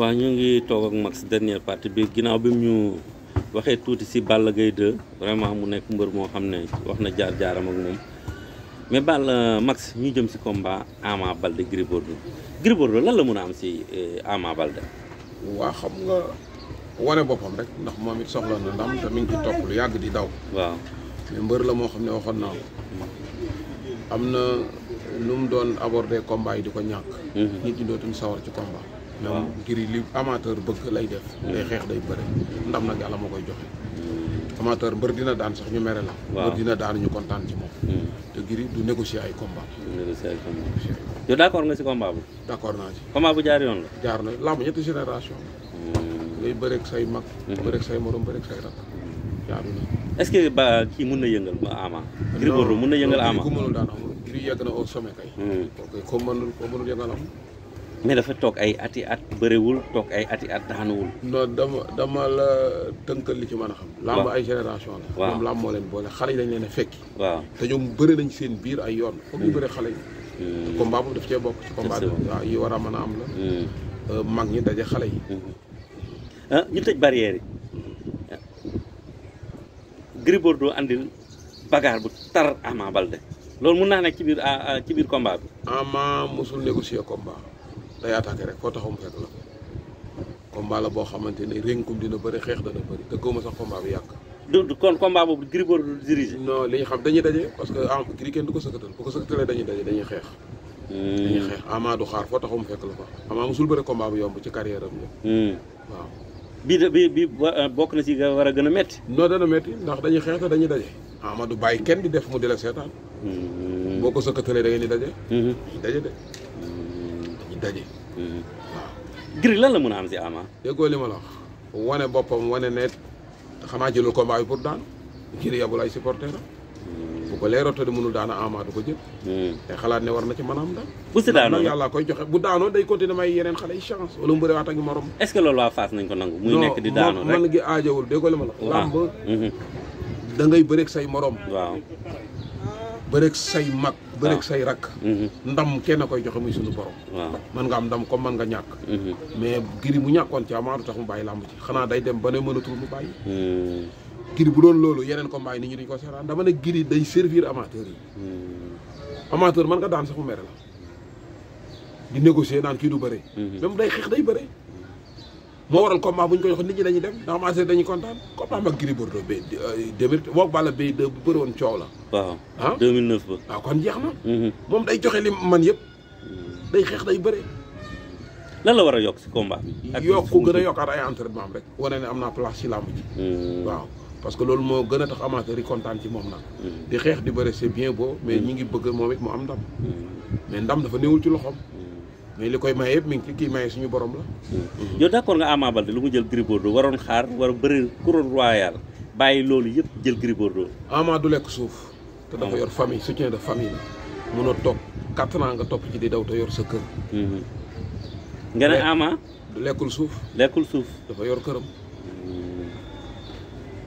waa ñu ngi toog ak Max dernière partie bi ginnaaw bi mu ñu waxee tuuti si Balla Gaye 2 vraiment mu nekk mbër moo xam ne wax na jaar jaaram ak moom mais Balla Max ñu jëm si combat Ama Baldé Gris Bordeaux Gris la mën a am si eh, Ama Baldé. waa xam nga wane boppam rek ndax moom it soxla na ndam te mi ngi ci lu yàgg di daw. waaw mbër la moo xam ne waxoon naa am na lu mu doon aborder combat yi di ko ñàkk. Mhm. nit ñi dootuñ sawar ci combat. ñoom yi li amateur bëgg lay def lay xeex day bëre ndam nag yàlla moo koy joxe amateur mbër dina daan sax ñu mere la mbër dina daan ñu kontaan ci moom hmm. te giri du négocier ay combat négocier ay combat yow d'accord nga ci combat bu d'accord naa ci combat bu jaar yoon la jaar na lamb ñetti génération hmm. ngay bëreeg say mag hmm. bëreeg say morom bëreeg say rakk jaadu na est-ce que ba kii mun na yëngal ba ama Gris mun na yëngal ama ku mënul daan amul Gris yegg na au sommet kay ok ko mënul ko mënul yëngal mais dafa toog ay ati at bëriwul toog ay ati at daanuwul. non dama dama la tënkal li ci mën a xam. làmb ay génération la. waaw moom làmb moo leen boole xale yi dañ leen a fekki. waaw te ñoom bëri nañ seen biir ay yoon. Hmm. foog ñu bëri xale yi. Hmm. combat boobu daf cee bokk ci combat bi waaw yi war a mën a am la. Hmm. Euh, mag ñi daje xale ah, ñu tëj barrière yi. bu tar Ama loolu mun naa nekk ci biir ah, ah, ci biir combat bi. Ama musul négocier day attaqué rek foo taxaw mu fekk la combat la boo xamante ne rénkum dina bëri xeex dana bëri te sax combat bi yàgg. du kon combat boobu Gris Bordeaux du diriger. non li xam dañuy daje parce que ah Gris kenn du ko sëkkatal bu ko sëkkatalee dañuy daje dañuy xeex. Hmm. dañuy xeex Ama du xaar foo taxaw mu fekk la fa Ama musul bëri combat bu yomb ci carrière am yëpp. Hmm. waaw. bii da bii bii euh, bokk na ci war a gën a métti. non dana ndax dañuy xeex te dañuy daje. Ama du bàyyi di def mu di la seetaan. Hmm. boo ko sëkkatalee da ngeen di daje. daje de. daje. waaw. Mm-hmm. Gris lan la mën a am si Ama. déggoo li ma la wax wane boppam wane ne xanaa jëlul combat bi pour daanu Gris yabul ay supporter mm-hmm. bu ko leeroo te mënul daana Ama du ko jël. Mm-hmm. xalaat ne war na ci mën a am daal. bu si daanoo koy joxe bu daanoo day continuer may yeneen xale yi chance wala mu bëriwaat ak morom. est ce loolu waa Fass nañ ko nangu. muy nekk di daanoo rek man gi aajowul déggoo la. da ngay bëreeg say morom. waaw bëreeg say mag. bërek say rakk mhm. ndam kenn koy joxe muy suñu borom mën nga am ndam comme mën nga ñàkk mhm. mais giri mu ñàkkoon ci amaatu tax mu bàyyi làmb ci xanaa day dem ba ne mënatul mu bàyyi mhm. giri bu doon loolu yeneen combat yi nit ñi dañ ko seetaan dama ne giri day servir amateur yi amateur man nga daan sax mu mere la di négocier naan kii du bëre même day xeex day bëre moo waral combat bu ñu ko jox nit ñi dañuy dem ndax marché dañuy kontaan combat mag Gris Bordeaux ba demir euh, woog Balla Beye bu bëri woon coow la waaw ah? ah, kon jeex na mhm. moom day joxe li man yëpp mhm. day xeex day bëre lan war a yokk si combat bi yokk gën a yokkaat ay entraînement rek wane ne am naa place ci làmb ji mhm. waaw parce que loolu moo gën a tax amateur yi kontaan ci moom nag di xeex di bëre c'est bien boo mais ñu ngi bëgg moom it mu am ndam mais ndam dafa néewul ci loxoom mais li koy maye yëpp mi ngi kii maye suñu borom la. yow d'accord nga Ama Baldé lu mu jël Gris waroon xaar war a bëri couronne royale bàyyi loolu yëpp jël Gris Bordeaux. du lekk suuf. te dafa yor famille soutien de famille la. mun a toog quatre ans nga topp ci di daw te yor sa kër. Mhm. nga ne du lekkul suuf. lekkul suuf. dafa yor këram. Mhm.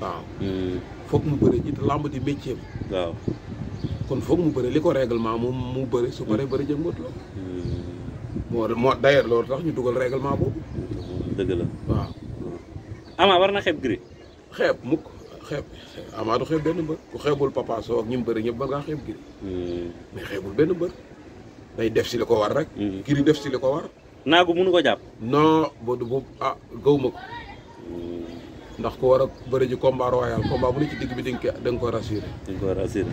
waaw. Mhm. foog mu bëri ji làmb di métier waaw kon foog mu bëri li ko règlement moom mu bëri su paree bëri jëngoot la. moo moo d'ailleurs loolu tax ñu dugal règlement boobu. dëgg la hmm. war na xeeb Gris. xeeb mukk xeeb Ama du xeeb benn mbër ku xeebul Papa ak ñi mu bëri ñëpp ba ngaa xeeb Gris. Hmm. mais xeebul benn mbër day def si li ko war rek. Hmm. Gris def si li ko war. naagu mënu ko jàpp. non boobu boobu ah gaw ma ko. ndax ku war a bëri ji combat royal combat bu ne ci digg bi di nga ko da nga ko rassuré. da nga ko rassuré.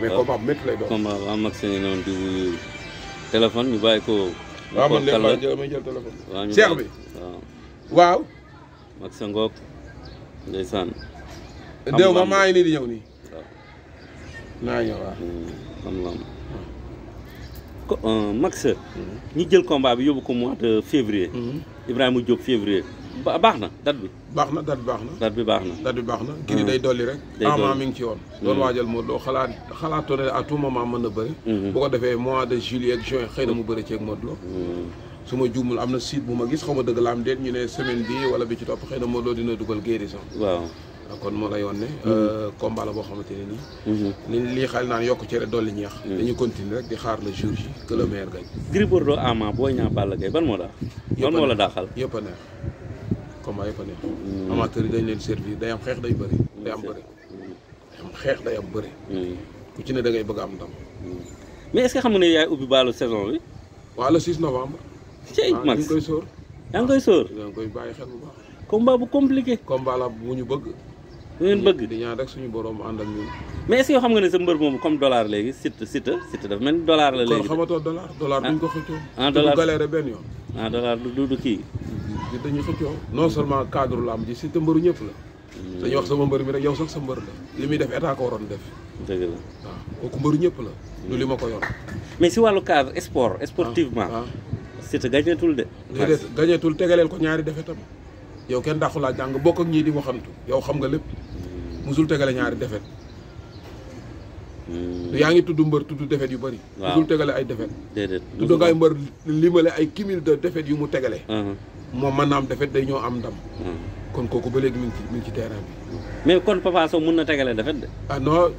mais combat bu métti lay doon. combat waaw Max ñu noonu di wuyu téléphone ñu bàyyi ko. waaw man de maa jël téléphone. waaw ñu Cheikh bi waaw. waaw. Max Ngok ndeysaan. déw ma maa ngi nii di ñëw nii. waaw naa ñëw waaw. Hmm, xam nga am. Hmm. Euh, Max. Hmm. ñi jël combat bi yóbbu ko mois de février. Ibrahima Diop février. baax na dat bi baax na dat bi baax na dat bi baax na dat bi baax na giri day dolli rek ama mi ngi ci yoon doon waajal moo doo xalaat xalaatoo ne à tout moment mën na bëri bu ko defee mois de juillet ak juin xëy na mu bëri ceeg Modou Lo su ma juumul am na site bu ma gis xaw ma dëgg la am déet ñu ne semaine bi wala bi ci topp xëy na Modou Lo dina dugal guérison waaw kon moo lay yoon ne combat la boo xamante ne nii ni lii xel naan yokk cere dolli ñeex dañuy continuer rek di xaar le jour ji que le meilleur gagne Gris Bordeaux Ama Boy Niang Balla Gaye ban moo daax ban moo la daaxal yëpp a neex combat fa neex amateur dañ leen servir day am xex day bari day am bari day am xex day am bari ku ci ne da ngay bëgg am ndam mais est-ce xam nga yaay ubi balu saison bi wa le 6 novembre ci mag ngi koy sor ya ngi koy sor yaa ngi koy baye xel bu baax combat bu compliqué combat la bu ñu bëgg lu bëgg di ñaan rek suñu borom ànd ak ñun mais est-ce xam nga ne sa mbeur mom comme dollar légui site site site dafa mel dollar la légui kon xamato dollar dollar duñ ko xëccu ah, ah dollar du galère ben yoon ah dollar du du ki te dañu xëccoo non seulement cadre am ci Siteu mbeur ñëpp hmm. la dañu wax sama mbeur mi rek yow sax sa mbeur la limi def état ko waron def deug la waaw ko mbeur ñëpp la lu li ma ko yor mais ci walu cadre sport sportivement Siteu gañetul de déedéet gañetul tegaleel ko ñaari defetam yow ya, kenn daxula jang bok ak ñi di waxantu yow ya, xam nga lepp hmm. musul tégalé ñaari defet hmm. Yang ngi dumber mbër tudd defet yu bari. musul tegale ay defet tudd ngay lima le ay kimil de defet yu mu tegale moom mën naa defet day ñoo am ndam. Hmm. kon kooku ba léegi mi ngi ci mi ngi ci terrain bi. mais kon Papa so mën na tegale defet de. ah non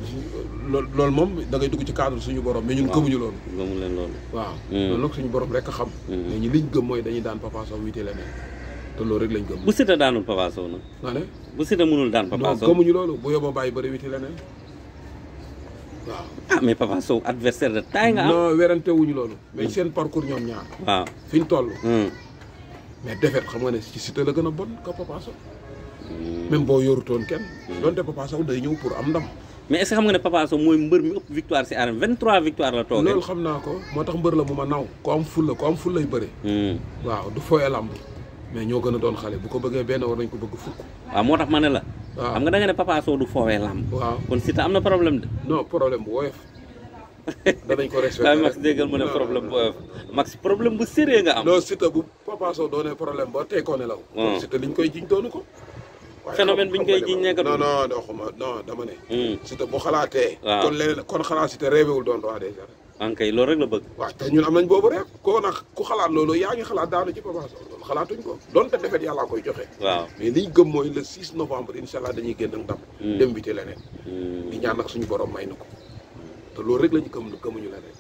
loolu moom da ngay dugg ci cadre suñu borom. mais ñun gëmuñu loolu. gëmu leen loolu. waaw hmm. loolu nag suñu borom rek xam. Hmm. mais ñu liñ gëm mooy dañuy daan Papa Sow wiite leneen te loolu rek lañ gëm. bu sita daanul Papa so na nga ne bu sita mënul daan Papa so gëmuñu loolu bu yóbboo bàyyi bëri wiite leneen waaw. ah mais Papa Sow adversaire de taille nga am. non werante wuñu loolu. mais seen parcours ñoom ñaar. waaw fiñ ñu toll. mais defet xam nga ne ci Siteu la gën a bon ka Papa Sow même boo yorutoon kenn donte Papa Sow day ñëw pour am ndam. mais est xam nga ne Papa Sow mooy mbër mi ëpp victoire ci arène 23 victoire la toogee. loolu xam naa ko moo tax mbër la mu ma naw ko am ful la ko am ful lay bëre. Hmm. waaw du fooyee làmb mais ñoo gën a doon xale bu ko bëggee benn war nañ ko bëgg fukk. waaw moo tax ma ne la. waaw xam nga da nga ne Papa du fooyee làmb. waaw kon Siteu am na problème de. non problème danañ ko respecté ah, max déggal mu ne problème bu euh, max problème bu sérieux nga am. non Siteu bu Papa Sow doonee problème ba tey koo nelaw. Ah. Siteu liñ koy jiñ doonu ko. phénomène bi ñu koy jiñ nekk non non non dama ne. Hmm. Siteu bu xalaatee. waaw ah. kon leneen kon xalaat Siteu réewewul doon roi des arènes. en kay loolu rek la bëgg. waaw te ñun am nañ boobu rek koo nag ku xalaat loolu yaa ngi xalaat daanu ci Papa loolu xalaatuñ ko donte defet yàllaa koy joxe. waaw mais liñ gëm mooy le 6 novembre incha dañuy génn ak ndam. Hmm. Hmm. ñaan nag suñu borom may na ko loolu rek la ñu gëm gëmuñu la rek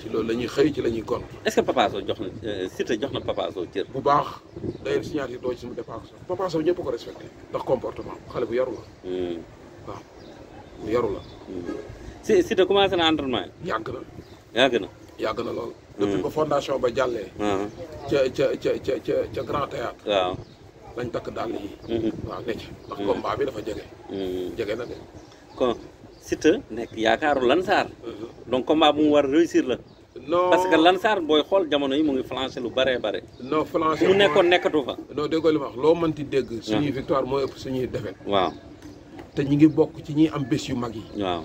ci loolu la ñuy xëy ci la ñuy gont. est jox na euh, Siteu jox na Papa Sow cër. bu baax day signature doo ci sama dépense Papa Sow ñëpp ko respecté ndax comportement xale bu yaru la. Hmm. waaw bu yaru la. Hmm. si commencé na entraînement yi. yàgg na yàgg na. yàgg na lool. Hmm. ba fondation ba jàllee. Ah. ca ca ca ca ca Grand Théâtre. waaw lañ takk dàll yi. waaw nekk ndax combat bi dafa jege. jege na de. Siteu nekk yaakaaru Lansar. Mhm. donc combat bu mu war réussir la. non parce que Lansar booy xool jamono yi mu ngi flanché lu bëree bare non flanché mu nekkoon nekkatu fa. non déggoo li ma wax loo mënti dégg. suñuy ah. victoire moo ëpp suñuy defee waaw te ñu ngi bokk ci ñuy am bés yu mag yi. waaw.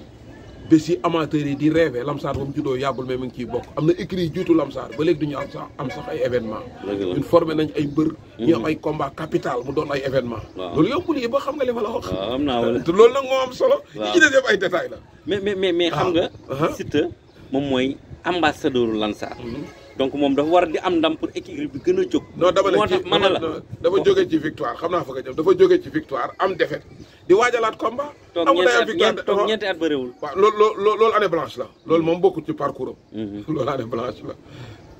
bés yi amateurs yi di rêvé lamsaar ba mu juddoo yàggul mais mu ngi ciy bokk am na écrit yi juutu lamsaar ba léegi du ñu am sax ay événement ñun formé nañ ay mbër mhm. ñu am combat capital mu doon ay événement loolu yombul yi ba xam nga li ma la wax am naa wala loolu nag moo am solo yi ci des ay détail la mais mais mais xam ah. nga uh-huh. Siteu moom mooy sa ambassadeur lamsaar mhm. donc mom dafa war di am ndam pour équilibre bi gëna a jóg. non dama la tax mën na la dafa jóge ci victoire xamna fa nga jëm dafa joggé ci victoire am défaite di wajalat combat. amul ay victoire tok ñeenti at bëréwul wa lool lool année blanche la lool mom bokku ci parcours mhm. lool année blanche la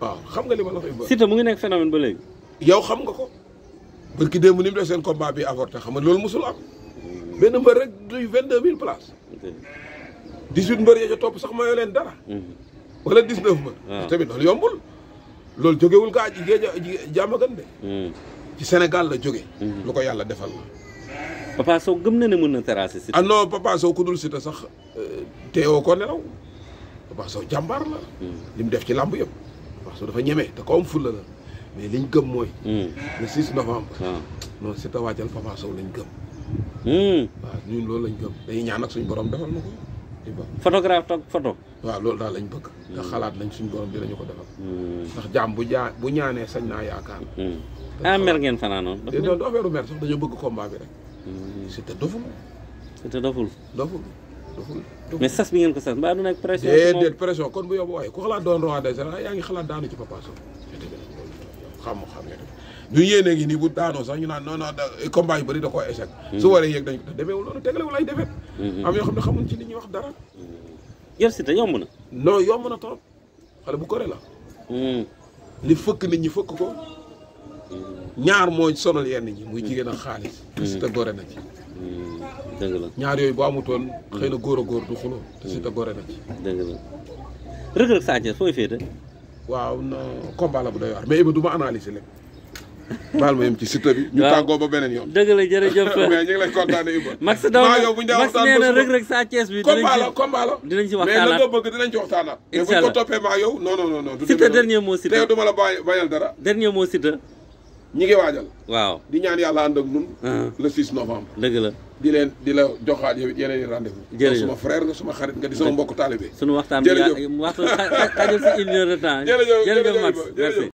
wa xam nga li ma la fay bëri. Siteu mu ngi nek phénomène ba légui yow xam nga ko barki dem ni mu def combat bi avorté xam nga lool musul am ben mbeur rek du 22000 places. 18 mbeur ya ci top sax mayoo leen dara. Mhm. wala 19 ba. waaw tamit loolu yombul. loolu jógewul kaa ji jàmmagan de. Hmm. ci Sénégal la jóge hmm. lu ko yàlla defal la. Papa gëm na ne mun na terrasser si ah non Papa Sow ku dul sax euh, teewoo ko nelaw Papa Sow jàmbaar la. Hmm. li mu def ci làmb yëpp. Papa Sow dafa ñeme te ko am fulla la mais liñ gëm mooy. le 6 novembre. waaw ah. non Siteu waajal Papa Sow lañ gëm. waaw ñun loolu lañ gëm dañuy ñaan nag suñu borom defal na ko. photographe toog photo waaw loolu daal lañ bëgg hmm. ndax xalaat nañ suñ borom nañu ko defal hmm. ndax jaam bu jaa bu ñaanee sañ naa yaakaar hmm. ah mer ngeen fanaanoon doon eh, du affaire mer sax dañoo bëgg combat bi rek c'était doful c'était doful doful doful mais sas bi ngeen ko sas mbaa du nekk pression kon bu yóbbu waaye ku xalaat doon roi des arènes yaa ngi xalaat daanu ci Papa Sow xam xam du yéene ngi nii bu daanoo sax ñu naan non non combat yu bëri da koo échec su waree yéeg dañ ko demeewul loolu tegalewul ay defet am yoo xam ne xamuñ ci li ñuy wax dara yor si te yomb na non yomb na trop xale bu kore la li fëkk nit ñi fëkk ko ñaar mooy sonal yenn ñi muy jigéen ak xaalis si te gore na ci dëgg la ñaar yooyu bu amutoon xëy na góor a góor du xuloo te si te gore na ci dëgg la rëg-rëg Sa Thiès fooy féete waaw non combat la bu doy waar mais Iba du ma analyser lépp baal ma yem ci site bi ñu tàggoo ba beneen yoon dëgg la jërëjëf mais ñu ngi lay kontaane Iba Max daw maa yow bu ñu Max nee na rek rek sa Thiès bi combat la combat dinañ ci waxtaanaat mais la nga bëgg dinañ ci waxtaanaat mais bu ko toppee maa yow non non non non site dernier mot site tey duma la bàyyi bàyyal dara dernier mot site ñi ngi waajal waaw di ñaan yàlla ànd ak ñun uh-huh. le 6 novembre dëgg la di leen di la joxaat yow yeneen i rendez-vous jërëjëf suma frère nga suma xarit nga di sama mbokk taalibe sunu waxtaan bi waxtu xajal si une heure de temps jërëjëf Max merci